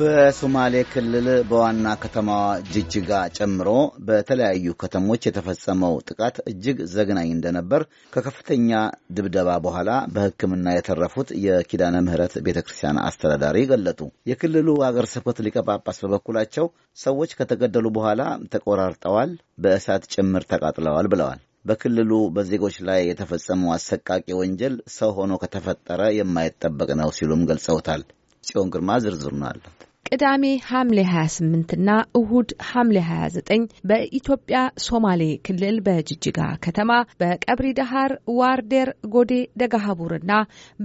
በሶማሌ ክልል በዋና ከተማዋ ጅጅጋ ጨምሮ በተለያዩ ከተሞች የተፈጸመው ጥቃት እጅግ ዘግናኝ እንደነበር ከከፍተኛ ድብደባ በኋላ በሕክምና የተረፉት የኪዳነ ምሕረት ቤተ ክርስቲያን አስተዳዳሪ ገለጡ። የክልሉ አገር ስብከት ሊቀ ጳጳስ በበኩላቸው ሰዎች ከተገደሉ በኋላ ተቆራርጠዋል፣ በእሳት ጭምር ተቃጥለዋል ብለዋል። በክልሉ በዜጎች ላይ የተፈጸመው አሰቃቂ ወንጀል ሰው ሆኖ ከተፈጠረ የማይጠበቅ ነው ሲሉም ገልጸውታል። ጽዮን ግርማ ዝርዝሩን አላት። ቅዳሜ ሐምሌ 28ና እሁድ ሐምሌ 29 በኢትዮጵያ ሶማሌ ክልል በጅጅጋ ከተማ በቀብሪ ዳሃር፣ ዋርዴር፣ ጎዴ ደጋሀቡርና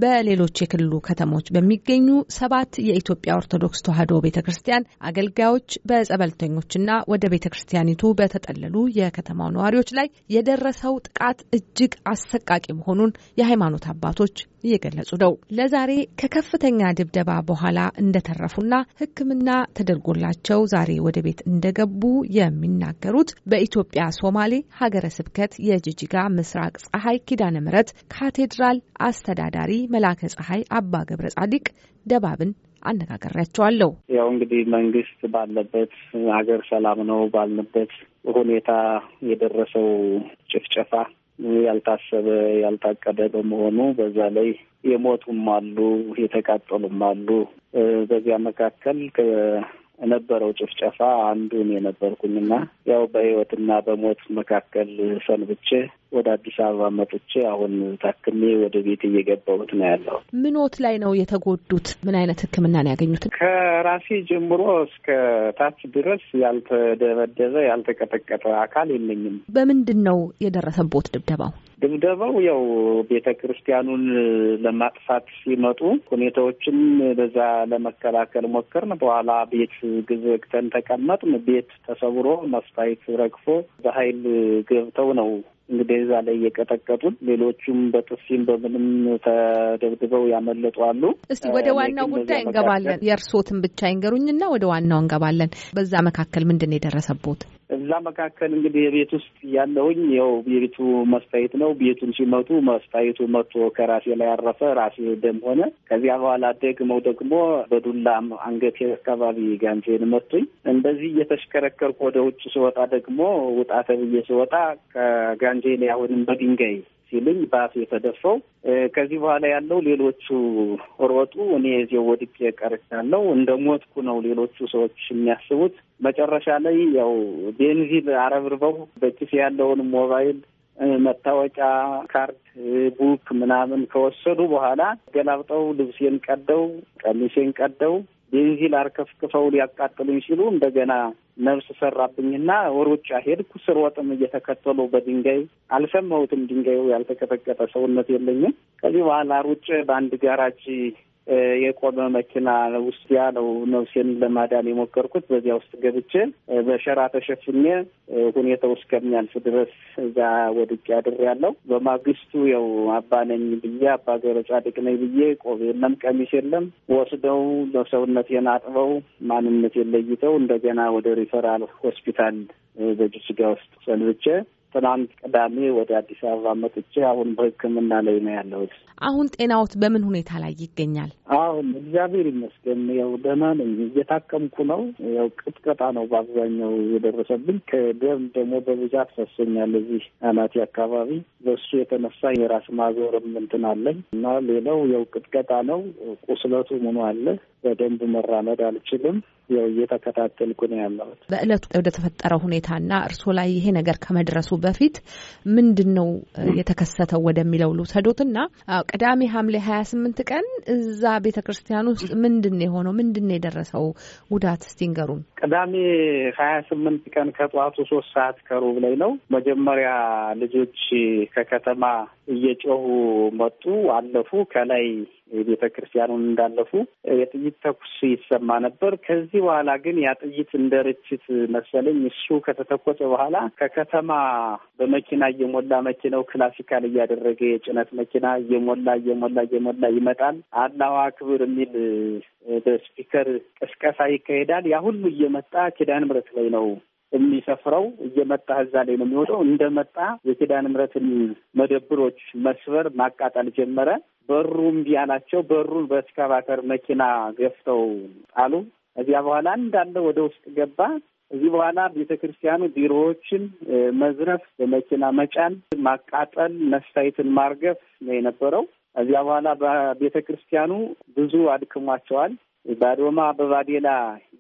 በሌሎች የክልሉ ከተሞች በሚገኙ ሰባት የኢትዮጵያ ኦርቶዶክስ ተዋሕዶ ቤተ ክርስቲያን አገልጋዮች በጸበልተኞችና ወደ ቤተ ክርስቲያኒቱ በተጠለሉ የከተማው ነዋሪዎች ላይ የደረሰው ጥቃት እጅግ አሰቃቂ መሆኑን የሃይማኖት አባቶች እየገለጹ ነው። ለዛሬ ከከፍተኛ ድብደባ በኋላ እንደተረፉና ሕክምና ተደርጎላቸው ዛሬ ወደ ቤት እንደገቡ የሚናገሩት በኢትዮጵያ ሶማሌ ሀገረ ስብከት የጅጅጋ ምስራቅ ፀሐይ ኪዳነ ምሕረት ካቴድራል አስተዳዳሪ መላከ ፀሐይ አባ ገብረ ጻዲቅ ደባብን አነጋገሪያቸዋለሁ። ያው እንግዲህ መንግስት ባለበት ሀገር ሰላም ነው ባልንበት ሁኔታ የደረሰው ጭፍጨፋ ያልታሰበ ያልታቀደ በመሆኑ በዛ ላይ የሞቱም አሉ፣ የተቃጠሉም አሉ። በዚያ መካከል ነበረው ጭፍጨፋ አንዱን የነበርኩኝና ነበርኩኝና ያው በህይወትና በሞት መካከል ሰንብቼ ወደ አዲስ አበባ መጥቼ አሁን ታክሜ ወደ ቤት እየገባሁት ነው ያለው። ምኖት ላይ ነው የተጎዱት? ምን አይነት ህክምና ነው ያገኙት? ራሲ ጀምሮ እስከ ታች ድረስ ያልተደበደበ ያልተቀጠቀጠ አካል የለኝም። በምንድን ነው የደረሰቦት ድብደባው? ድብደባው ያው ቤተ ክርስቲያኑን ለማጥፋት ሲመጡ ሁኔታዎችን በዛ ለመከላከል ሞከርን። በኋላ ቤት ግዝግተን ተቀመጥን። ቤት ተሰብሮ መስታይት ረግፎ በኃይል ገብተው ነው እንግዲህ እዛ ላይ እየቀጠቀጡን፣ ሌሎቹም በጥፊም በምንም ተደብድበው ያመለጡ አሉ። እስቲ ወደ ዋናው ጉዳይ እንገባለን። የእርሶትን ብቻ ይንገሩኝና ወደ ዋናው እንገባለን። በዛ መካከል ምንድን ነው የደረሰቦት? እዛ መካከል እንግዲህ የቤት ውስጥ ያለውኝ ያው የቤቱ መስታየት ነው። ቤቱን ሲመቱ መስታየቱ መቶ ከራሴ ላይ ያረፈ ራሴ ደም ሆነ። ከዚያ በኋላ ደግመው ደግሞ በዱላም አንገቴ አካባቢ ጋንዜን መቶኝ እንደዚህ እየተሽከረከርኩ ወደ ውጭ ስወጣ ደግሞ ውጣ ተብዬ ስወጣ ከጋንዜን አሁንም በድንጋይ ሲልኝ በአፍ የተደፈው ከዚህ በኋላ ያለው ሌሎቹ ሮጡ፣ እኔ እዚሁ ወድቄ ቀርቻለሁ፣ እንደ ሞትኩ ነው ሌሎቹ ሰዎች የሚያስቡት። መጨረሻ ላይ ያው ቤንዚን አረብርበው በኪስ ያለውን ሞባይል መታወቂያ ካርድ፣ ቡክ ምናምን ከወሰዱ በኋላ ገላብጠው ልብሴን ቀደው፣ ቀሚሴን ቀደው ቤንዚል አርከፍክፈው ሊያቃጥሉኝ ሲሉ እንደገና ነብስ ሰራብኝና ወሮጫ ሄድኩ። ወጥም እየተከተሉ በድንጋይ አልሰማሁትም። ድንጋዩ ያልተቀጠቀጠ ሰውነት የለኝም። ከዚህ በኋላ ሩጭ በአንድ ጋራጅ የቆመ መኪና ውስጥ ያ ነው ነፍሴን ለማዳን የሞከርኩት። በዚያ ውስጥ ገብቼ በሸራ ተሸፍኜ ሁኔታው እስከሚያልፍ ድረስ እዛ ወድቄ ያለው በማግስቱ ያው አባ ነኝ ብዬ አባ ገብረ ጻድቅ ነኝ ብዬ ቆብ የለም ቀሚስ የለም ወስደው ሰውነቴን አጥበው ማንነቴን ለይተው እንደገና ወደ ሪፈራል ሆስፒታል በጅጅጋ ውስጥ ሰንብቼ ትናንት ቅዳሜ ወደ አዲስ አበባ መጥቼ አሁን በሕክምና ላይ ነው ያለሁት። አሁን ጤናዎት በምን ሁኔታ ላይ ይገኛል? አሁን እግዚአብሔር ይመስገን ያው ደህና ነኝ፣ እየታከምኩ ነው። ያው ቅጥቀጣ ነው በአብዛኛው የደረሰብኝ። ከደም ደግሞ በብዛት ፈሰኛል እዚህ አናቴ አካባቢ። በሱ የተነሳ የራስ ማዞርም እንትን አለኝ እና ሌላው ያው ቅጥቀጣ ነው። ቁስለቱ ምኑ አለ በደንብ መራመድ አልችልም። ያው እየተከታተልኩ ነው ያለሁት። በእለቱ ወደ ተፈጠረው ሁኔታና እርስዎ ላይ ይሄ ነገር ከመድረሱ በፊት ምንድን ነው የተከሰተው ወደሚለው ልውሰዶትና ቅዳሜ ሐምሌ ሀያ ስምንት ቀን እዛ ቤተ ክርስቲያን ውስጥ ምንድን ነው የሆነው? ምንድን ነው የደረሰው ጉዳት እስቲ ንገሩን። ቅዳሜ ሀያ ስምንት ቀን ከጠዋቱ ሶስት ሰዓት ከሩብ ላይ ነው። መጀመሪያ ልጆች ከከተማ እየጮሁ መጡ፣ አለፉ ከላይ ቤተ ክርስቲያኑን እንዳለፉ የጥይት ተኩስ ይሰማ ነበር። ከዚህ በኋላ ግን ያ ጥይት እንደ ርችት መሰለኝ እሱ ከተተኮሰ በኋላ ከከተማ በመኪና እየሞላ መኪናው ክላሲካል እያደረገ የጭነት መኪና እየሞላ እየሞላ እየሞላ ይመጣል። አላዋ ክብር የሚል በስፒከር ቅስቀሳ ይካሄዳል። ያ ሁሉ እየመጣ ኪዳነ ምሕረት ላይ ነው የሚሰፍረው እየመጣ እዛ ላይ ነው የሚወጣው። እንደመጣ የኪዳነ ምሕረትን መደብሮች መስበር ማቃጠል ጀመረ። በሩ እምቢ አላቸው። በሩን በስካቫተር መኪና ገፍተው ጣሉ። እዚያ በኋላ እንዳለ ወደ ውስጥ ገባ። እዚህ በኋላ ቤተ ክርስቲያኑ ቢሮዎችን መዝረፍ፣ በመኪና መጫን፣ ማቃጠል፣ መስታየትን ማርገፍ ነው የነበረው። እዚያ በኋላ በቤተ ክርስቲያኑ ብዙ አድክሟቸዋል። ባዶማ በባዴላ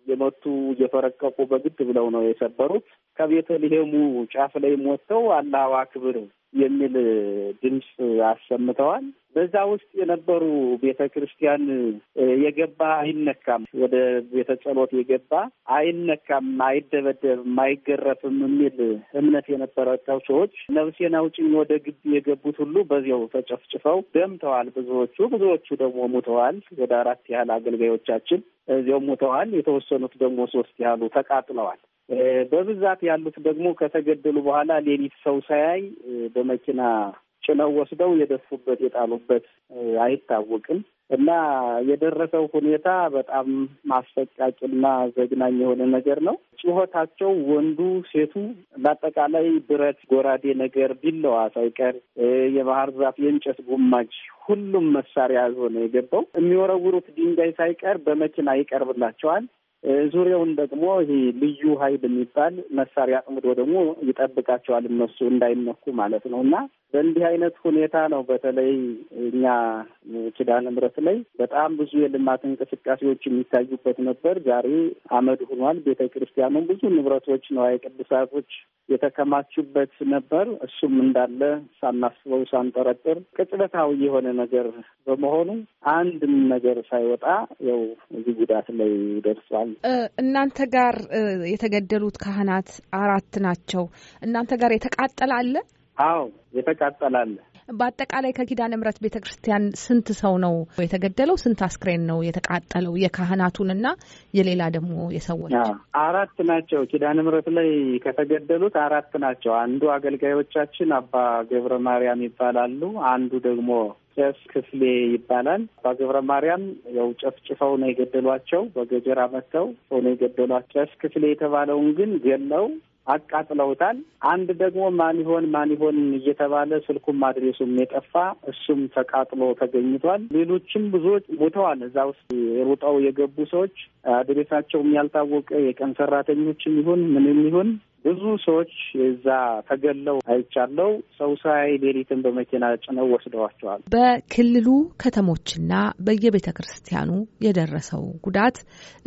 የመቱ እየፈረቀቁ በግድ ብለው ነው የሰበሩት። ከቤተልሔሙ ጫፍ ላይ ወጥተው አላዋ ክብር የሚል ድምፅ አሰምተዋል። በዛ ውስጥ የነበሩ ቤተ ክርስቲያን የገባ አይነካም፣ ወደ ቤተ ጸሎት የገባ አይነካም፣ አይደበደብም፣ አይገረፍም የሚል እምነት የነበራቸው ሰዎች ነፍሴን አውጪኝ ወደ ግቢ የገቡት ሁሉ በዚያው ተጨፍጭፈው ደምተዋል። ብዙዎቹ ብዙዎቹ ደግሞ ሙተዋል። ወደ አራት ያህል አገልጋዮቻችን እዚያው ሙተዋል። የተወሰኑት ደግሞ ሶስት ያህሉ ተቃጥለዋል። በብዛት ያሉት ደግሞ ከተገደሉ በኋላ ሌሊት ሰው ሳያይ በመኪና ጭነው ወስደው የደፉበት የጣሉበት አይታወቅም እና የደረሰው ሁኔታ በጣም ማስፈቃቂና ዘግናኝ የሆነ ነገር ነው። ጩኸታቸው ወንዱ፣ ሴቱ በአጠቃላይ ብረት፣ ጎራዴ ነገር ቢለዋ ሳይቀር የባህር ዛፍ፣ የእንጨት ጉማጅ ሁሉም መሳሪያ ይዞ ነው የገባው። የሚወረውሩት ድንጋይ ሳይቀር በመኪና ይቀርብላቸዋል። ዙሪያውን ደግሞ ይሄ ልዩ ኃይል የሚባል መሳሪያ አጥምዶ ደግሞ ይጠብቃቸዋል እነሱ እንዳይነኩ ማለት ነው። እና በእንዲህ አይነት ሁኔታ ነው በተለይ እኛ ኪዳነ ምሕረት ላይ በጣም ብዙ የልማት እንቅስቃሴዎች የሚታዩበት ነበር። ዛሬ አመድ ሆኗል። ቤተ ብዙ ንብረቶች ነዋየ ቅድሳቶች የተከማቹበት ነበር። እሱም እንዳለ ሳናስበው ሳንጠረጥር ቅጽበታዊ የሆነ ነገር በመሆኑ አንድም ነገር ሳይወጣ ያው እዚህ ጉዳት ላይ ደርሷል። እናንተ ጋር የተገደሉት ካህናት አራት ናቸው። እናንተ ጋር የተቃጠለ አለ? አዎ የተቃጠለ አለ። በአጠቃላይ ከኪዳነ ምሕረት ቤተ ክርስቲያን ስንት ሰው ነው የተገደለው? ስንት አስክሬን ነው የተቃጠለው? የካህናቱንና የሌላ ደግሞ የሰዎች አራት ናቸው። ኪዳነ ምሕረት ላይ ከተገደሉት አራት ናቸው። አንዱ አገልጋዮቻችን አባ ገብረ ማርያም ይባላሉ። አንዱ ደግሞ ቄስ ክፍሌ ይባላል። አባ ገብረ ማርያም ያው ጨፍጭፈው ነው የገደሏቸው። በገጀራ መጥተው ሰው ነው የገደሏቸው። ቄስ ክፍሌ የተባለውን ግን ገለው አቃጥለውታል። አንድ ደግሞ ማን ይሆን ማን ይሆን እየተባለ ስልኩም አድሬሱም የጠፋ እሱም ተቃጥሎ ተገኝቷል። ሌሎችም ብዙዎች ሞተዋል። እዛ ውስጥ ሩጠው የገቡ ሰዎች አድሬሳቸውም ያልታወቀ የቀን ሰራተኞችም ይሁን ምንም ይሁን ብዙ ሰዎች እዛ ተገለው አይቻለው። ሰው ሳይ ሌሊትን በመኪና ጭነው ወስደዋቸዋል። በክልሉ ከተሞችና በየቤተ ክርስቲያኑ የደረሰው ጉዳት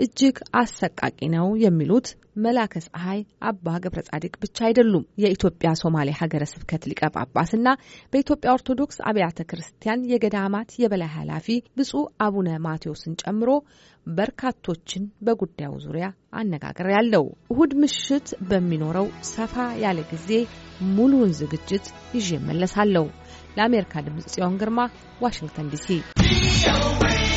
እጅግ አሰቃቂ ነው የሚሉት መላከ ፀሐይ አባ ገብረ ጻድቅ ብቻ አይደሉም። የኢትዮጵያ ሶማሌ ሀገረ ስብከት ሊቀ ጳጳስና በኢትዮጵያ ኦርቶዶክስ አብያተ ክርስቲያን የገዳማት የበላይ ኃላፊ ብፁዕ አቡነ ማቴዎስን ጨምሮ በርካቶችን በጉዳዩ ዙሪያ አነጋገር ያለው እሁድ ምሽት በሚኖረው ሰፋ ያለ ጊዜ ሙሉውን ዝግጅት ይዤ መለሳለሁ። ለአሜሪካ ድምፅ ጽዮን ግርማ ዋሽንግተን ዲሲ